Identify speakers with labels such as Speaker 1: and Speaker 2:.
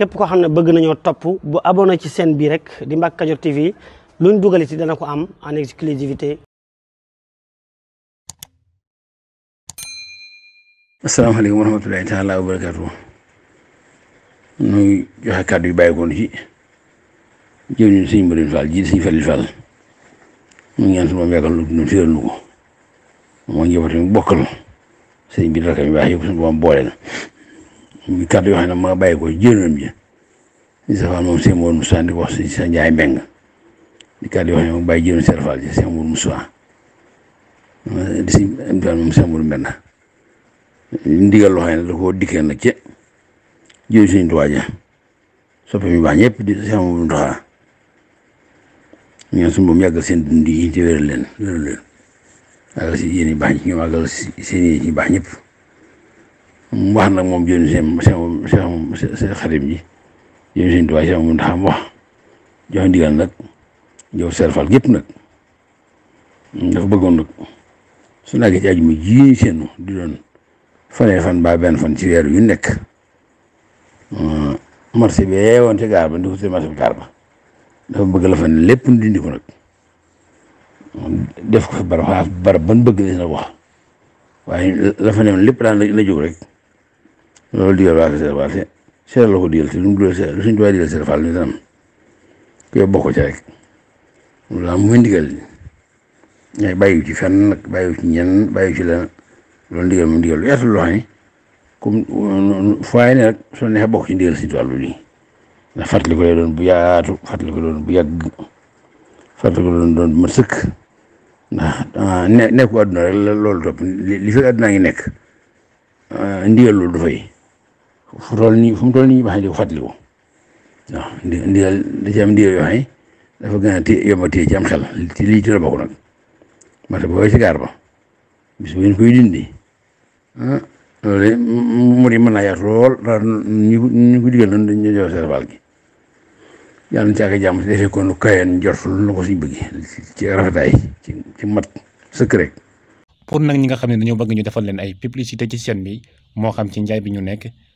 Speaker 1: képp koo xam ne bëgg nañoo topp bu abonné ci seen bi rek di Mbacke Kadior TV luñ dugal ci dana ko am en exclusivité
Speaker 2: asalaamaaleykum wa rahmatulahi taala wa barakaatu nuy joxe kàddu yu bàyyikoon ci jëw ñun suñ mbërin fall ji suñ felil fall mu ñaan su moom yàggal lu nu téral nu ko moo njëbati mu bokkal sëñ bi rakam yu baax yëpp suñu boom boole na kàddu yoo xam ne maa bàyyi ko jéem ji di safaan moom sëñ Mourou Moussa di ko si sa njaay mbeng di kàddu yoo xam ne moom bàyyi ji sëñ Mourou Moussa di si moom sëñ Mourou Mbenn ndigal yi ci wéral leen wéral si yéen yi yi baax ñëpp. mu wax nag moom jënd seen seen seen xarit bi jënd seen tubaab seen ndax am wax joxe ndigal nag jox serfal gépp nag dafa bëggoon nag su naagee ci ci weer yu nekk hm, marché bi yeewoon ci gaar ba ndi ko ci bëgg la fan lépp dindi ko nag def ko fi barab ban bëgg la nag wax waaye la fa ne lépp daan la jóg rek loolu digal waate seer waate seer la digal te lu mu digal seer lu suñ tubaab bokk ci rek loolu am muy ndigal ñay ci fenn nag bàyyi ci ñenn ci loolu ndigal moom ndigal lu yaatu loo euh, xam ne comme rek soo neexee bokk ci ndigal suñ tubaab lii ndax fàttali ko lay doon bu yaatu fàttali ko doon bu yàgg fàttali ko doon doon bu mat sëkk ndax ah, rek loolu topp li fi àdduna ngi nekk ah, ndigal loolu du fay fu toll nii fu mu toll nii ba xam ne fàttaliku waaw da ci am ndigal yoo xam ne dafa gën a téye yomb a téye xel ci lii ci la ba koy dindi ah loolu lool daal ñu ñu ko digal noonu dañu jox seen baal gi yàlla na ci ak jàmm defee ko nu kayan jot lu la ko suñ bëgg ci rafetaay ci mat sëkk rek.
Speaker 3: pour nag ñi nga xam ne dañoo bëgg ñu defal leen ay publicité ci seen bi moo xam ci njaay bi ñu nekk.